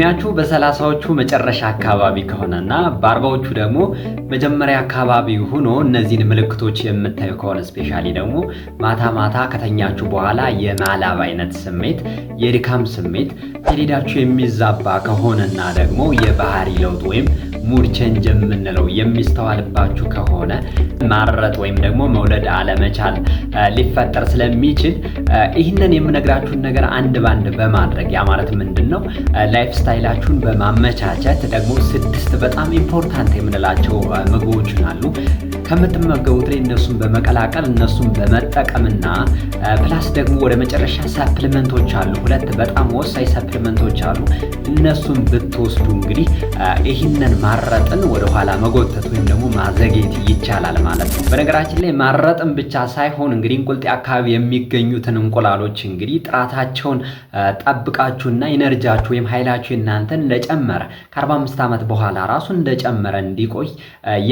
እድሜያችሁ በሰላሳዎቹ መጨረሻ አካባቢ ከሆነና በአርባዎቹ ደግሞ መጀመሪያ አካባቢ ሆኖ እነዚህን ምልክቶች የምታዩ ከሆነ ስፔሻሊ ደግሞ ማታ ማታ ከተኛችሁ በኋላ የማላብ አይነት ስሜት፣ የድካም ስሜት ፔሪዳችሁ የሚዛባ ከሆነና ደግሞ የባህሪ ለውጥ ወይም ሙድ ቼንጅ የምንለው የሚስተዋልባችሁ ከሆነ ማረጥ ወይም ደግሞ መውለድ አለመቻል ሊፈጠር ስለሚችል ይህንን የምነግራችሁን ነገር አንድ ባንድ በማድረግ ያ ማለት ምንድን ነው ላይፍ ስታይላችሁን በማመቻቸት ደግሞ ስድስት በጣም ኢምፖርታንት የምንላቸው ምግቦችን አሉ ከምትመገቡት ላይ እነሱን በመቀላቀል እነሱን በመጠቀምና ፕላስ ደግሞ ወደ መጨረሻ ሰፕልመንቶች አሉ። ሁለት በጣም ወሳኝ ሰፕልመንቶች አሉ። እነሱን ብትወስዱ እንግዲህ ይህንን ማረጥን ወደኋላ መጎተት ወይም ደግሞ ማዘግየት ይቻላል ማለት ነው። በነገራችን ላይ ማረጥን ብቻ ሳይሆን እንግዲህ እንቁልጤ አካባቢ የሚገኙትን እንቁላሎች እንግዲህ ጥራታቸውን ጠብቃችሁና ኢነርጃችሁ ወይም ኃይላችሁ እናንተን እንደጨመረ ከ45 ዓመት በኋላ ራሱን እንደጨመረ እንዲቆይ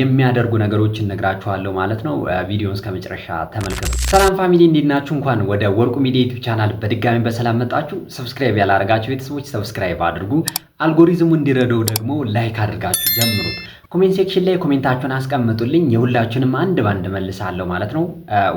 የሚያደርጉ ነገሮችን ነግራ እነግራችኋለሁ ማለት ነው። ቪዲዮን እስከ መጨረሻ ተመልከቱ። ሰላም ፋሚሊ እንዴት ናችሁ? እንኳን ወደ ወርቁ ሚዲያ ዩቲዩብ ቻናል በድጋሚ በሰላም መጣችሁ። ሰብስክራይብ ያላደረጋችሁ ቤተሰቦች ሰብስክራይብ አድርጉ። አልጎሪዝሙ እንዲረዳው ደግሞ ላይክ አድርጋችሁ ጀምሩት። ኮሜንት ሴክሽን ላይ ኮሜንታችሁን አስቀምጡልኝ። የሁላችሁንም አንድ ባንድ መልሳለሁ ማለት ነው።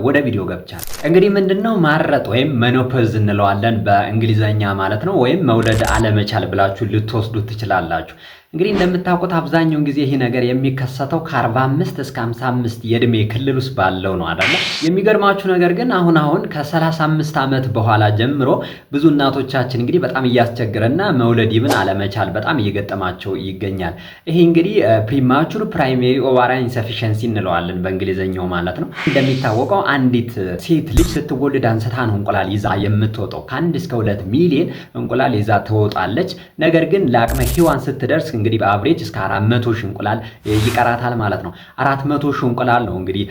ወደ ቪዲዮ ገብቻል። እንግዲህ ምንድነው ማረጥ ወይም መኖፐዝ እንለዋለን በእንግሊዘኛ ማለት ነው። ወይም መውለድ አለመቻል ብላችሁ ልትወስዱ ትችላላችሁ። እንግዲህ እንደምታውቁት አብዛኛውን ጊዜ ይህ ነገር የሚከሰተው ከ45 እስከ 55 የእድሜ ክልል ውስጥ ባለው ነው አይደለ? የሚገርማችሁ ነገር ግን አሁን አሁን ከ35 ዓመት በኋላ ጀምሮ ብዙ እናቶቻችን እንግዲህ በጣም እያስቸገረና መውለድ ይብን አለመቻል በጣም እየገጠማቸው ይገኛል። ይሄ እንግዲህ ፕሪማቹር ፕራይሜሪ ኦቫሪያን ኢንሰፊሸንሲ እንለዋለን በእንግሊዝኛው ማለት ነው። እንደሚታወቀው አንዲት ሴት ልጅ ስትወልድ አንስታ ነው እንቁላል ይዛ የምትወጣው። ከአንድ እስከ ሁለት ሚሊዮን እንቁላል ይዛ ትወጣለች። ነገር ግን ለአቅመ ሔዋን ስትደርስ እንግዲህ በአብሬጅ እስከ አራት መቶ ሺህ እንቁላል ይቀራታል ማለት ነው። አራት መቶ ሺህ እንቁላል ነው እንግዲህ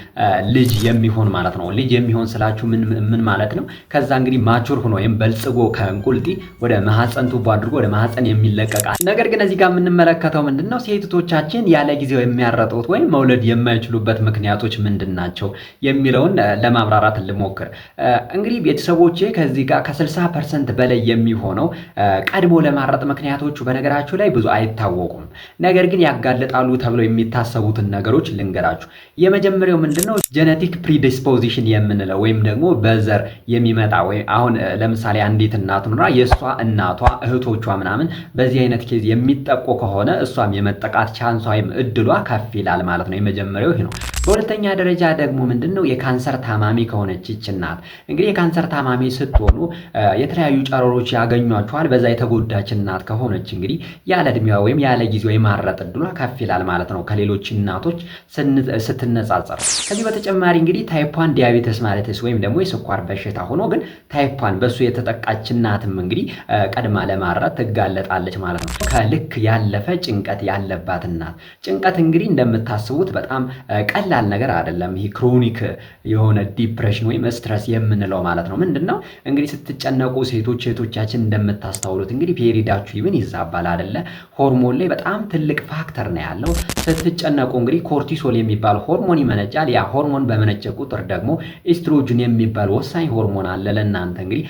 ልጅ የሚሆን ማለት ነው። ልጅ የሚሆን ስላችሁ ምን ማለት ነው? ከዛ እንግዲህ ማቹር ሆኖ ወይም በልጽጎ ከእንቁልጢ ወደ ማህፀን ቱቦ አድርጎ ወደ ማህፀን የሚለቀቃል። ነገር ግን እዚህ ጋር የምንመለከተው ምንድን ነው? ሴቶቻችን ያለ ጊዜው የሚያረጡት ወይም መውለድ የማይችሉበት ምክንያቶች ምንድን ናቸው የሚለውን ለማብራራት ልሞክር። እንግዲህ ቤተሰቦቼ ከዚህ ጋር ከ60 ፐርሰንት በላይ የሚሆነው ቀድሞ ለማረጥ ምክንያቶቹ በነገራችሁ ላይ ብዙ አይታወ አይታወቁም። ነገር ግን ያጋለጣሉ ተብለው የሚታሰቡትን ነገሮች ልንገራችሁ። የመጀመሪያው ምንድነው ጀነቲክ ፕሪዲስፖዚሽን የምንለው ወይም ደግሞ በዘር የሚመጣ ወይም አሁን ለምሳሌ አንዲት እናት ኖራ የእሷ እናቷ እህቶቿ ምናምን በዚህ አይነት ኬዝ የሚጠቁ ከሆነ እሷም የመጠቃት ቻንሷ ወይም እድሏ ከፍ ይላል ማለት ነው። የመጀመሪያው ይህ ነው። በሁለተኛ ደረጃ ደግሞ ምንድን ነው የካንሰር ታማሚ ከሆነች ይች እናት እንግዲህ የካንሰር ታማሚ ስትሆኑ የተለያዩ ጨረሮች ያገኟቸዋል። በዛ የተጎዳች እናት ከሆነች እንግዲህ ያለ እድሜዋ ወይም ያለ ጊዜው የማረጥ እድሏ ከፍ ይላል ማለት ነው ከሌሎች እናቶች ስትነጻጸር። ከዚህ በተጨማሪ እንግዲህ ታይፓን ዲያቤተስ ማለትስ ወይም ደግሞ የስኳር በሽታ ሆኖ ግን ታይፓን በእሱ የተጠቃች እናትም እንግዲህ ቀድማ ለማረጥ ትጋለጣለች ማለት ነው። ከልክ ያለፈ ጭንቀት ያለባት እናት ጭንቀት እንግዲህ እንደምታስቡት በጣም ቀላል ቀላል ነገር አይደለም። ይሄ ክሮኒክ የሆነ ዲፕሬሽን ወይም ስትረስ የምንለው ማለት ነው። ምንድን ነው እንግዲህ ስትጨነቁ ሴቶች ሴቶቻችን እንደምታስተውሉት እንግዲህ ፔሪዳችሁ ይብን ይዛባል አይደለ? ሆርሞን ላይ በጣም ትልቅ ፋክተር ነው ያለው። ስትጨነቁ እንግዲህ ኮርቲሶል የሚባል ሆርሞን ይመነጫል። ያ ሆርሞን በመነጨ ቁጥር ደግሞ ኤስትሮጅን የሚባል ወሳኝ ሆርሞን አለ። ለእናንተ እንግዲህ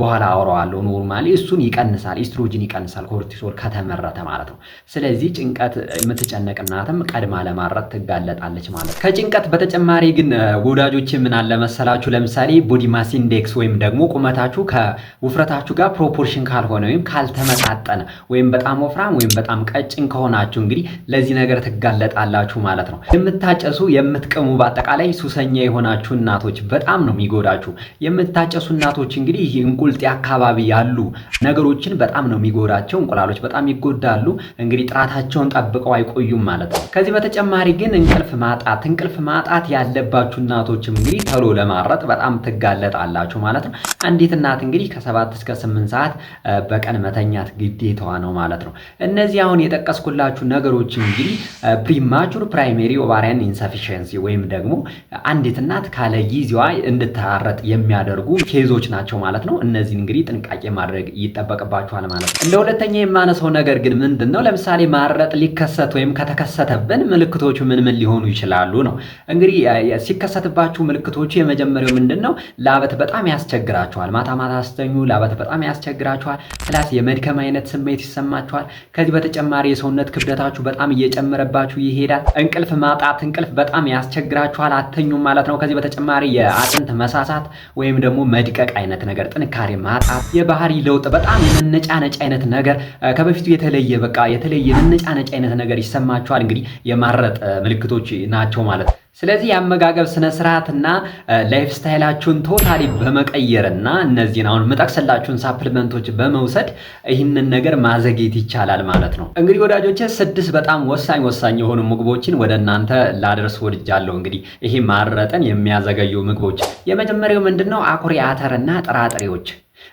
በኋላ አውረዋለሁ። ኖርማሊ እሱን ይቀንሳል፣ ኤስትሮጅን ይቀንሳል ኮርቲሶል ከተመረተ ማለት ነው። ስለዚህ ጭንቀት የምትጨነቅ እናትም ቀድማ ለማረት ትጋለጣለች ማለት ነው። ከጭንቀት በተጨማሪ ግን ወዳጆች ምን አለ መሰላችሁ፣ ለምሳሌ ቦዲ ማስ ኢንዴክስ ወይም ደግሞ ቁመታችሁ ከውፍረታችሁ ጋር ፕሮፖርሽን ካልሆነ ወይም ካልተመጣጠነ ወይም በጣም ወፍራም ወይም በጣም ቀጭን ከሆናችሁ እንግዲህ ለዚህ ነገር ነገር ትጋለጣላችሁ ማለት ነው። የምታጨሱ የምትቅሙ፣ በአጠቃላይ ሱሰኛ የሆናችሁ እናቶች በጣም ነው የሚጎዳችሁ። የምታጨሱ እናቶች እንግዲህ እንቁልጤ አካባቢ ያሉ ነገሮችን በጣም ነው የሚጎዳቸው። እንቁላሎች በጣም ይጎዳሉ። እንግዲህ ጥራታቸውን ጠብቀው አይቆዩም ማለት ነው። ከዚህ በተጨማሪ ግን እንቅልፍ ማጣት እንቅልፍ ማጣት ያለባችሁ እናቶችም እንግዲህ ተሎ ለማረጥ በጣም ትጋለጣላችሁ ማለት ነው። አንዲት እናት እንግዲህ ከሰባት እስከ ስምንት ሰዓት በቀን መተኛት ግዴታዋ ነው ማለት ነው። እነዚህ አሁን የጠቀስኩላችሁ ነገሮች እንግዲህ ፕሪማቹር ፕራይሜሪ ኦቫሪያን ኢንሰፊሽንሲ ወይም ደግሞ አንዲት እናት ካለ ጊዜዋ እንድታረጥ የሚያደርጉ ኬዞች ናቸው ማለት ነው። እነዚህ እንግዲህ ጥንቃቄ ማድረግ ይጠበቅባቸዋል ማለት ነው። እንደ ሁለተኛ የማነሳው ነገር ግን ምንድን ነው፣ ለምሳሌ ማረጥ ሊከሰት ወይም ከተከሰተብን ምልክቶቹ ምን ምን ሊሆኑ ይችላሉ ነው። እንግዲህ ሲከሰትባችሁ ምልክቶቹ የመጀመሪያው ምንድን ነው፣ ላበት በጣም ያስቸግራቸዋል። ማታ ማታ ስተኙ ላበት በጣም ያስቸግራቸዋል። ስላስ የመድከም አይነት ስሜት ይሰማቸዋል። ከዚህ በተጨማሪ የሰውነት ክብደታችሁ በጣም እየጨ እየጨመረባችሁ ይሄዳል። እንቅልፍ ማጣት፣ እንቅልፍ በጣም ያስቸግራችኋል፣ አተኙም ማለት ነው። ከዚህ በተጨማሪ የአጥንት መሳሳት ወይም ደግሞ መድቀቅ አይነት ነገር፣ ጥንካሬ ማጣት፣ የባህሪ ለውጥ፣ በጣም የመነጫነጭ አይነት ነገር፣ ከበፊቱ የተለየ በቃ የተለየ መነጫነጭ አይነት ነገር ይሰማችኋል። እንግዲህ የማረጥ ምልክቶች ናቸው ማለት ነው። ስለዚህ የአመጋገብ ስነ ስርዓትና ላይፍ ስታይላችሁን ቶታሊ በመቀየርና እነዚህን አሁን የምጠቅስላችሁን ሳፕልመንቶች በመውሰድ ይህንን ነገር ማዘግየት ይቻላል ማለት ነው። እንግዲህ ወዳጆች ስድስት በጣም ወሳኝ ወሳኝ የሆኑ ምግቦችን ወደ እናንተ ላደርስ ወድጃለሁ። እንግዲህ ይሄ ማረጠን የሚያዘገዩ ምግቦች የመጀመሪያው ምንድን ነው? አኩሪ አተርና ጥራጥሬዎች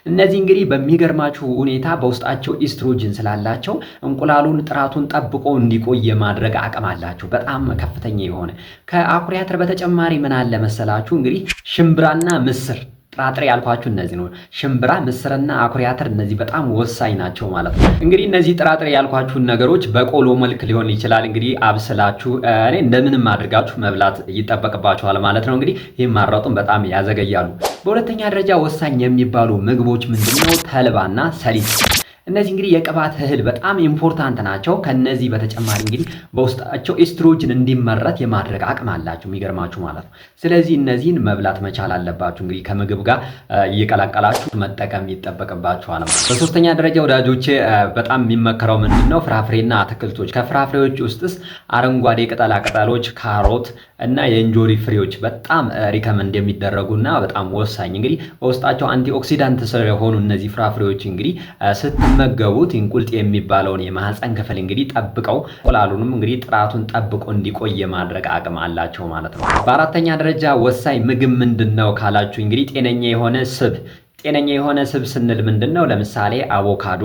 እነዚህ እንግዲህ በሚገርማችሁ ሁኔታ በውስጣቸው ኢስትሮጅን ስላላቸው እንቁላሉን ጥራቱን ጠብቆ እንዲቆይ የማድረግ አቅም አላቸው። በጣም ከፍተኛ የሆነ ከአኩሪ አተር በተጨማሪ ምን አለ መሰላችሁ እንግዲህ ሽምብራና ምስር ጥራጥሬ ያልኳችሁ እነዚህ ነው። ሽምብራ፣ ምስርና አኩሪ አተር እነዚህ በጣም ወሳኝ ናቸው ማለት ነው። እንግዲህ እነዚህ ጥራጥሬ ያልኳችሁን ነገሮች በቆሎ መልክ ሊሆን ይችላል። እንግዲህ አብስላችሁ እኔ እንደምንም አድርጋችሁ መብላት ይጠበቅባችኋል ማለት ነው። እንግዲህ ይህም ማራጡን በጣም ያዘገያሉ። በሁለተኛ ደረጃ ወሳኝ የሚባሉ ምግቦች ምንድነው? ተልባና ሰሊጥ እነዚህ እንግዲህ የቅባት እህል በጣም ኢምፖርታንት ናቸው። ከነዚህ በተጨማሪ እንግዲህ በውስጣቸው ኤስትሮጅን እንዲመረት የማድረግ አቅም አላቸው፣ የሚገርማችሁ ማለት ነው። ስለዚህ እነዚህን መብላት መቻል አለባችሁ። እንግዲህ ከምግብ ጋር እየቀላቀላችሁ መጠቀም ይጠበቅባችኋል። በሶስተኛ ደረጃ ወዳጆቼ በጣም የሚመከረው ምንድን ነው? ፍራፍሬና አትክልቶች። ከፍራፍሬዎች ውስጥስ አረንጓዴ ቅጠላ ቅጠሎች፣ ካሮት እና የእንጆሪ ፍሬዎች በጣም ሪከመንድ የሚደረጉና በጣም ወሳኝ እንግዲህ በውስጣቸው አንቲኦክሲዳንት ስለሆኑ እነዚህ ፍራፍሬዎች እንግዲህ ሲመገቡት እንቁልጥ የሚባለውን የማህፀን ክፍል እንግዲህ ጠብቀው እንቁላሉንም እንግዲህ ጥራቱን ጠብቆ እንዲቆይ የማድረግ አቅም አላቸው ማለት ነው። በአራተኛ ደረጃ ወሳኝ ምግብ ምንድን ነው ካላችሁ እንግዲህ ጤነኛ የሆነ ስብ ጤነኛ የሆነ ስብ ስንል ምንድን ነው? ለምሳሌ አቮካዶ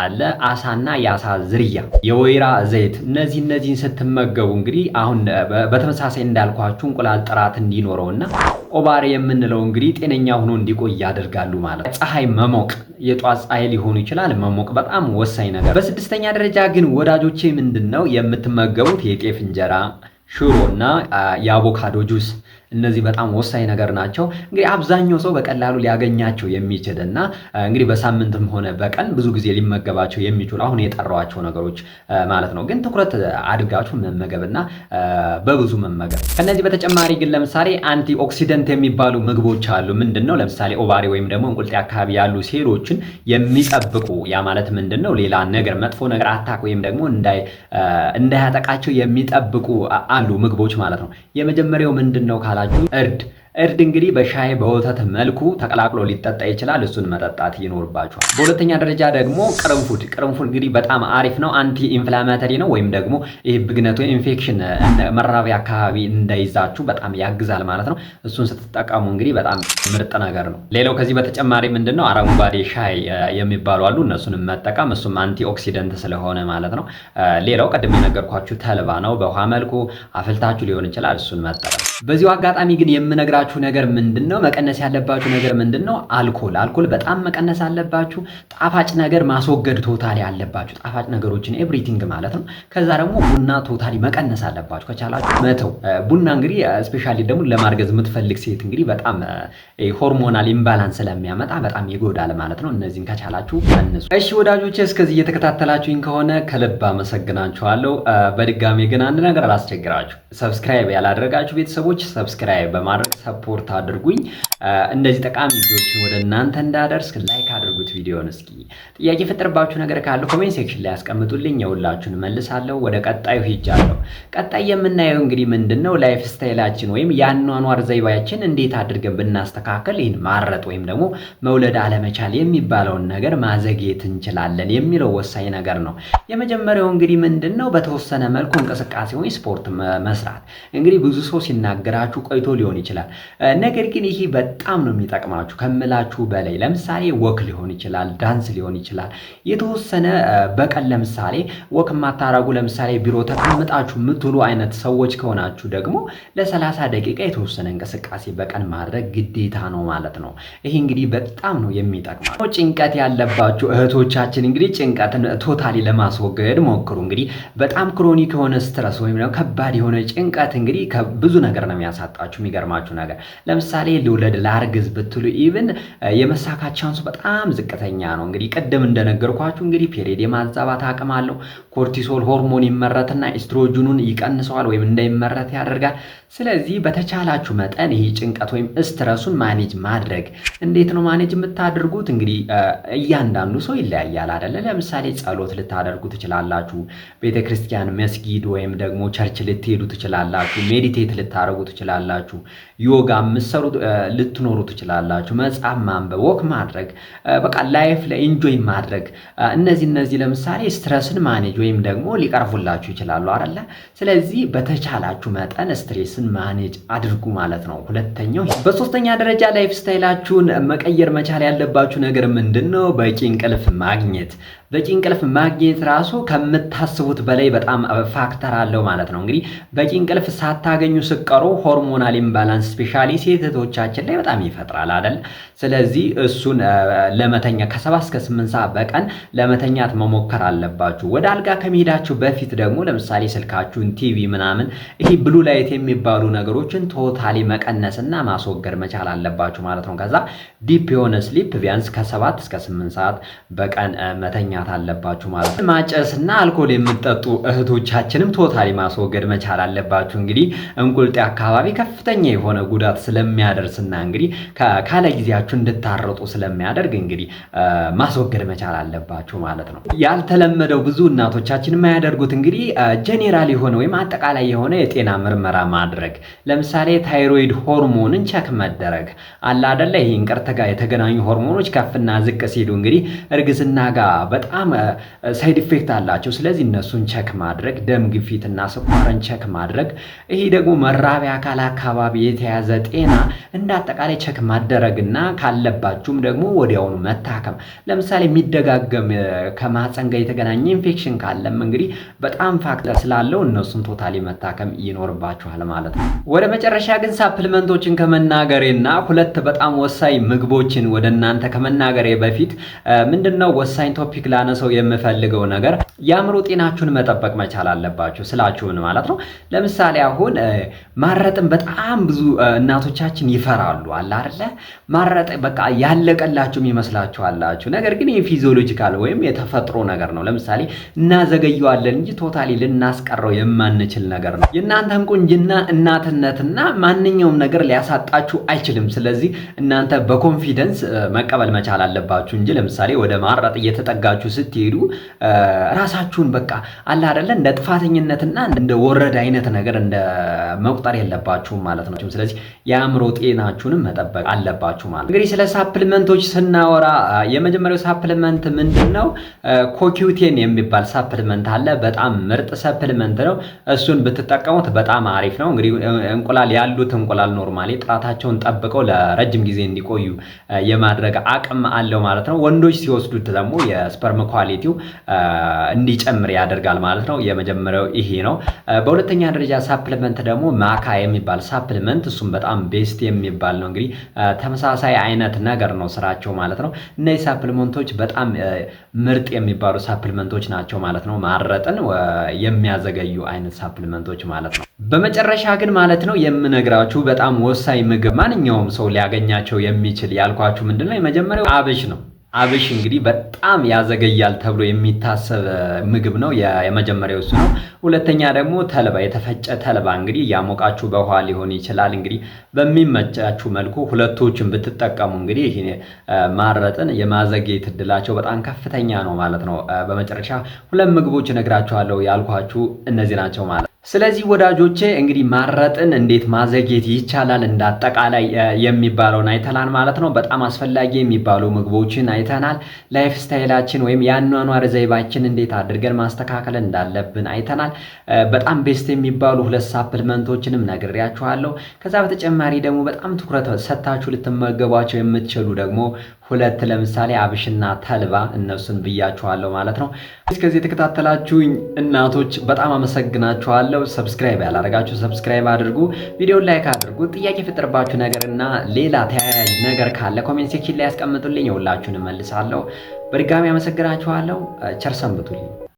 አለ አሳና የአሳ ዝርያ፣ የወይራ ዘይት እነዚህ እነዚህን ስትመገቡ እንግዲህ አሁን በተመሳሳይ እንዳልኳችሁ እንቁላል ጥራት እንዲኖረውና ኦባሪ የምንለው እንግዲህ ጤነኛ ሆኖ እንዲቆይ ያደርጋሉ ማለት ነው። ፀሐይ መሞቅ የጧት ፀሐይ ሊሆኑ ይችላል። መሞቅ በጣም ወሳኝ ነገር። በስድስተኛ ደረጃ ግን ወዳጆቼ ምንድን ነው የምትመገቡት? የጤፍ እንጀራ ሽሮ እና የአቮካዶ ጁስ እነዚህ በጣም ወሳኝ ነገር ናቸው። እንግዲህ አብዛኛው ሰው በቀላሉ ሊያገኛቸው የሚችል እና እንግዲህ በሳምንትም ሆነ በቀን ብዙ ጊዜ ሊመገባቸው የሚችሉ አሁን የጠራዋቸው ነገሮች ማለት ነው። ግን ትኩረት አድርጋችሁ መመገብና በብዙ መመገብ። ከነዚህ በተጨማሪ ግን ለምሳሌ አንቲ ኦክሲደንት የሚባሉ ምግቦች አሉ። ምንድን ነው? ለምሳሌ ኦቫሪ ወይም ደግሞ እንቁልጤ አካባቢ ያሉ ሴሎችን የሚጠብቁ ያ ማለት ምንድን ነው? ሌላ ነገር መጥፎ ነገር አታክ ወይም ደግሞ እንዳያጠቃቸው የሚጠብቁ አሉ ምግቦች ማለት ነው። የመጀመሪያው ምንድን ነው ካላ ያላችሁ እርድ እርድ እንግዲህ በሻይ በወተት መልኩ ተቀላቅሎ ሊጠጣ ይችላል። እሱን መጠጣት ይኖርባችኋል። በሁለተኛ ደረጃ ደግሞ ቅርንፉድ። ቅርንፉድ እንግዲህ በጣም አሪፍ ነው። አንቲ ኢንፍላማተሪ ነው፣ ወይም ደግሞ ይህ ብግነት ኢንፌክሽን መራቢያ አካባቢ እንዳይዛችሁ በጣም ያግዛል ማለት ነው። እሱን ስትጠቀሙ እንግዲህ በጣም ምርጥ ነገር ነው። ሌላው ከዚህ በተጨማሪ ምንድን ነው አረንጓዴ ሻይ የሚባሉ አሉ። እነሱንም መጠቀም እሱም አንቲ ኦክሲደንት ስለሆነ ማለት ነው። ሌላው ቀድም የነገርኳችሁ ተልባ ነው። በውሃ መልኩ አፍልታችሁ ሊሆን ይችላል። እሱን መጠቀም በዚሁ አጋጣሚ ግን የምነግራ ያለባችሁ ነገር ምንድን ነው? መቀነስ ያለባችሁ ነገር ምንድን ነው? አልኮል አልኮል በጣም መቀነስ አለባችሁ። ጣፋጭ ነገር ማስወገድ ቶታሊ አለባችሁ። ጣፋጭ ነገሮችን ኤቭሪቲንግ ማለት ነው። ከዛ ደግሞ ቡና ቶታሊ መቀነስ አለባችሁ ከቻላችሁ መተው። ቡና እንግዲህ ስፔሻሊ ደግሞ ለማርገዝ የምትፈልግ ሴት እንግዲህ በጣም ሆርሞናል ኢምባላንስ ስለሚያመጣ በጣም ይጎዳል ማለት ነው። እነዚህን ከቻላችሁ አንሱ። እሺ ወዳጆች እስከዚህ እየተከታተላችሁኝ ከሆነ ከልብ አመሰግናችኋለሁ። በድጋሜ ግን አንድ ነገር አላስቸግራችሁ። ሰብስክራይብ ያላደረጋችሁ ቤተሰቦች ሰብስክራይብ በማድረግ ሰፖርት አድርጉኝ። እንደዚህ ጠቃሚ ቪዲዮዎችን ወደ እናንተ እንዳደርስ ላይክ አድርጉት ቪዲዮን። እስኪ ጥያቄ የፈጠረባችሁ ነገር ካለ ኮሜንት ሴክሽን ላይ ያስቀምጡልኝ፣ የሁላችሁን መልሳለሁ። ወደ ቀጣዩ ሂጃለሁ። ቀጣይ የምናየው እንግዲህ ምንድን ነው ላይፍ ስታይላችን ወይም የአኗኗር ዘይቤያችን እንዴት አድርገን ብናስተካከል ይህን ማረጥ ወይም ደግሞ መውለድ አለመቻል የሚባለውን ነገር ማዘግየት እንችላለን የሚለው ወሳኝ ነገር ነው። የመጀመሪያው እንግዲህ ምንድን ነው በተወሰነ መልኩ እንቅስቃሴ ወይ ስፖርት መስራት። እንግዲህ ብዙ ሰው ሲናገራችሁ ቆይቶ ሊሆን ይችላል። ነገር ግን ይሄ በጣም ነው የሚጠቅማችሁ ከምላችሁ በላይ ለምሳሌ ወክ ሊሆን ሊሆን ይችላል፣ ዳንስ ሊሆን ይችላል። የተወሰነ በቀን ለምሳሌ ወክ የማታረጉ ለምሳሌ ቢሮ ተቀምጣችሁ የምትውሉ አይነት ሰዎች ከሆናችሁ ደግሞ ለሰላሳ ደቂቃ የተወሰነ እንቅስቃሴ በቀን ማድረግ ግዴታ ነው ማለት ነው። ይሄ እንግዲህ በጣም ነው የሚጠቅማው። ጭንቀት ያለባችሁ እህቶቻችን እንግዲህ ጭንቀትን ቶታሊ ለማስወገድ ሞክሩ። እንግዲህ በጣም ክሮኒክ የሆነ ስትረስ ወይም ደግሞ ከባድ የሆነ ጭንቀት እንግዲህ ብዙ ነገር ነው የሚያሳጣችሁ። የሚገርማችሁ ነገር ለምሳሌ ልውለድ፣ ላርግዝ ብትሉ ኢቭን የመሳካት ቻንሱ በጣም ዝቅተኛ ነው። እንግዲህ ቅድም እንደነገርኳችሁ እንግዲህ ፔሬድ የማዛባት አቅም አለው። ኮርቲሶል ሆርሞን ይመረትና ኤስትሮጅኑን ይቀንሰዋል ወይም እንዳይመረት ያደርጋል። ስለዚህ በተቻላችሁ መጠን ይሄ ጭንቀት ወይም ስትረሱን ማኔጅ ማድረግ እንዴት ነው ማኔጅ የምታደርጉት? እንግዲህ እያንዳንዱ ሰው ይለያያል አደለ? ለምሳሌ ጸሎት ልታደርጉ ትችላላችሁ። ቤተክርስቲያን፣ መስጊድ ወይም ደግሞ ቸርች ልትሄዱ ትችላላችሁ። ሜዲቴት ልታደርጉ ትችላላችሁ። ዮጋ ምሰሩ ልትኖሩ ትችላላችሁ። መጽሐፍ ማንበብ፣ ወክ ማድረግ በቃ ላይፍ ለኢንጆይ ማድረግ እነዚህ እነዚህ ለምሳሌ ስትረስን ማኔጅ ወይም ደግሞ ሊቀርፉላችሁ ይችላሉ አይደለ? ስለዚህ በተቻላችሁ መጠን ስትሬስን ማኔጅ አድርጉ ማለት ነው። ሁለተኛው በሶስተኛ ደረጃ ላይፍ ስታይላችሁን መቀየር መቻል ያለባችሁ ነገር ምንድን ነው? በቂ እንቅልፍ ማግኘት። በቂ እንቅልፍ ማግኘት ራሱ ከምታስቡት በላይ በጣም ፋክተር አለው ማለት ነው። እንግዲህ በቂ እንቅልፍ ሳታገኙ ስቀሩ ሆርሞናል ኢምባላንስ ስፔሻሊ ሴት ላይ በጣም ይፈጥራል አይደል? ስለዚህ እሱን ለመ ለመተኛ ከሰባት እስከ ስምንት ሰዓት በቀን ለመተኛት መሞከር አለባችሁ። ወደ አልጋ ከመሄዳችሁ በፊት ደግሞ ለምሳሌ ስልካችሁን፣ ቲቪ ምናምን ይሄ ብሉ ላይት የሚባሉ ነገሮችን ቶታሊ መቀነስና ማስወገድ መቻል አለባችሁ ማለት ነው። ከዛ ዲፕ የሆነ ስሊፕ ቢያንስ ከሰባት እስከ ስምንት ሰዓት በቀን መተኛት አለባችሁ ማለት ነው። ማጨስና አልኮል የምጠጡ እህቶቻችንም ቶታሊ ማስወገድ መቻል አለባችሁ። እንግዲህ እንቁልጤ አካባቢ ከፍተኛ የሆነ ጉዳት ስለሚያደርስና እንግዲህ ካለ ጊዜያችሁ እንድታረጡ ስለሚያደርግ እንግዲህ ማስወገድ መቻል አለባችሁ ማለት ነው። ያልተለመደው ብዙ እናቶቻችን የማያደርጉት እንግዲህ ጄኔራል የሆነ ወይም አጠቃላይ የሆነ የጤና ምርመራ ማድረግ ለምሳሌ ታይሮይድ ሆርሞንን ቸክ መደረግ አለ አደለ። ይህ እንቅርት ጋር የተገናኙ ሆርሞኖች ከፍና ዝቅ ሲሉ እንግዲህ እርግዝና ጋር በጣም ሳይድ ኢፌክት አላቸው። ስለዚህ እነሱን ቸክ ማድረግ፣ ደም ግፊትና ስኳርን ቸክ ማድረግ። ይህ ደግሞ መራቢያ አካል አካባቢ የተያዘ ጤና እንደ አጠቃላይ ቸክ ማደረግና ካለባችሁም ደግሞ ወዲያውኑ መ መታከም ለምሳሌ የሚደጋገም ከማህፀን ጋር የተገናኘ ኢንፌክሽን ካለም እንግዲህ በጣም ፋክተር ስላለው እነሱን ቶታሊ መታከም ይኖርባችኋል ማለት ነው። ወደ መጨረሻ ግን ሳፕልመንቶችን ከመናገሬና ሁለት በጣም ወሳኝ ምግቦችን ወደ እናንተ ከመናገሬ በፊት ምንድነው ወሳኝ ቶፒክ ላነሰው የምፈልገው ነገር የአእምሮ ጤናችሁን መጠበቅ መቻል አለባችሁ ስላችሁን ማለት ነው። ለምሳሌ አሁን ማረጥን በጣም ብዙ እናቶቻችን ይፈራሉ አለ አይደለ ማረጥ በቃ ያለቀላችሁ ይመስላችሁ ታደርጉታችኋላችሁ። ነገር ግን ይህ ፊዚዮሎጂካል ወይም የተፈጥሮ ነገር ነው። ለምሳሌ እናዘገየዋለን እንጂ ቶታሊ ልናስቀረው የማንችል ነገር ነው። የእናንተን ቁንጅና እናትነትና ማንኛውም ነገር ሊያሳጣችሁ አይችልም። ስለዚህ እናንተ በኮንፊደንስ መቀበል መቻል አለባችሁ እንጂ ለምሳሌ ወደ ማረጥ እየተጠጋችሁ ስትሄዱ ራሳችሁን በቃ አለ አይደለ እንደ ጥፋተኝነትና እንደ ወረድ አይነት ነገር እንደ መቁጠር የለባችሁም ማለት ነው። ስለዚህ የአእምሮ ጤናችሁንም መጠበቅ አለባችሁ ማለት እንግዲህ ስለ ሳፕልመንቶች ስናወራ የመጀመሪያው ሳፕልመንት ምንድን ነው? ኮኪዩቴን የሚባል ሳፕልመንት አለ። በጣም ምርጥ ሰፕልመንት ነው። እሱን ብትጠቀሙት በጣም አሪፍ ነው። እንግዲህ እንቁላል ያሉት እንቁላል ኖርማሊ ጥራታቸውን ጠብቀው ለረጅም ጊዜ እንዲቆዩ የማድረግ አቅም አለው ማለት ነው። ወንዶች ሲወስዱት ደግሞ የስፐርም ኳሊቲው እንዲጨምር ያደርጋል ማለት ነው። የመጀመሪያው ይሄ ነው። በሁለተኛ ደረጃ ሳፕልመንት ደግሞ ማካ የሚባል ሳፕልመንት እሱም በጣም ቤስት የሚባል ነው። እንግዲህ ተመሳሳይ አይነት ነገር ነው ስራቸው ማለት ነው። እነዚህ ሳፕልመንቶች በጣም ምርጥ የሚባሉ ሳፕልመንቶች ናቸው ማለት ነው። ማረጥን የሚያዘገዩ አይነት ሳፕልመንቶች ማለት ነው። በመጨረሻ ግን ማለት ነው የምነግራችሁ በጣም ወሳኝ ምግብ ማንኛውም ሰው ሊያገኛቸው የሚችል ያልኳችሁ ምንድነው የመጀመሪያው አብሽ ነው። አብሽ እንግዲህ በጣም ያዘገያል ተብሎ የሚታሰብ ምግብ ነው። የመጀመሪያው እሱ ነው። ሁለተኛ ደግሞ ተልባ፣ የተፈጨ ተልባ እንግዲህ ያሞቃችሁ በውሃ ሊሆን ይችላል። እንግዲህ በሚመቻችሁ መልኩ ሁለቶችን ብትጠቀሙ እንግዲህ ይህ ማረጥን የማዘግየት እድላቸው በጣም ከፍተኛ ነው ማለት ነው። በመጨረሻ ሁለት ምግቦች እነግራችኋለሁ ያልኳችሁ እነዚህ ናቸው ማለት ነው። ስለዚህ ወዳጆቼ እንግዲህ ማረጥን እንዴት ማዘግየት ይቻላል እንዳጠቃላይ የሚባለውን አይተናል ማለት ነው። በጣም አስፈላጊ የሚባሉ ምግቦችን አይተናል። ላይፍ ስታይላችን ወይም የአኗኗር ዘይባችን እንዴት አድርገን ማስተካከል እንዳለብን አይተናል። በጣም ቤስት የሚባሉ ሁለት ሳፕልመንቶችንም ነግሬያችኋለሁ። ከዛ በተጨማሪ ደግሞ በጣም ትኩረት ሰጥታችሁ ልትመገቧቸው የምትችሉ ደግሞ ሁለት ለምሳሌ አብሽና ተልባ እነሱን ብያችኋለሁ ማለት ነው። እስከዚህ የተከታተላችሁኝ እናቶች በጣም አመሰግናችኋለሁ። ሰብስክራይብ ያላረጋችሁ ሰብስክራይብ አድርጉ፣ ቪዲዮ ላይክ አድርጉ። ጥያቄ ፍጥርባችሁ ነገርና ሌላ ተያያዥ ነገር ካለ ኮሜንት ሴክሽን ላይ ያስቀምጡልኝ፣ ሁላችሁን እመልሳለሁ። በድጋሚ አመሰግናችኋለሁ። ቸር ሰንብቱልኝ።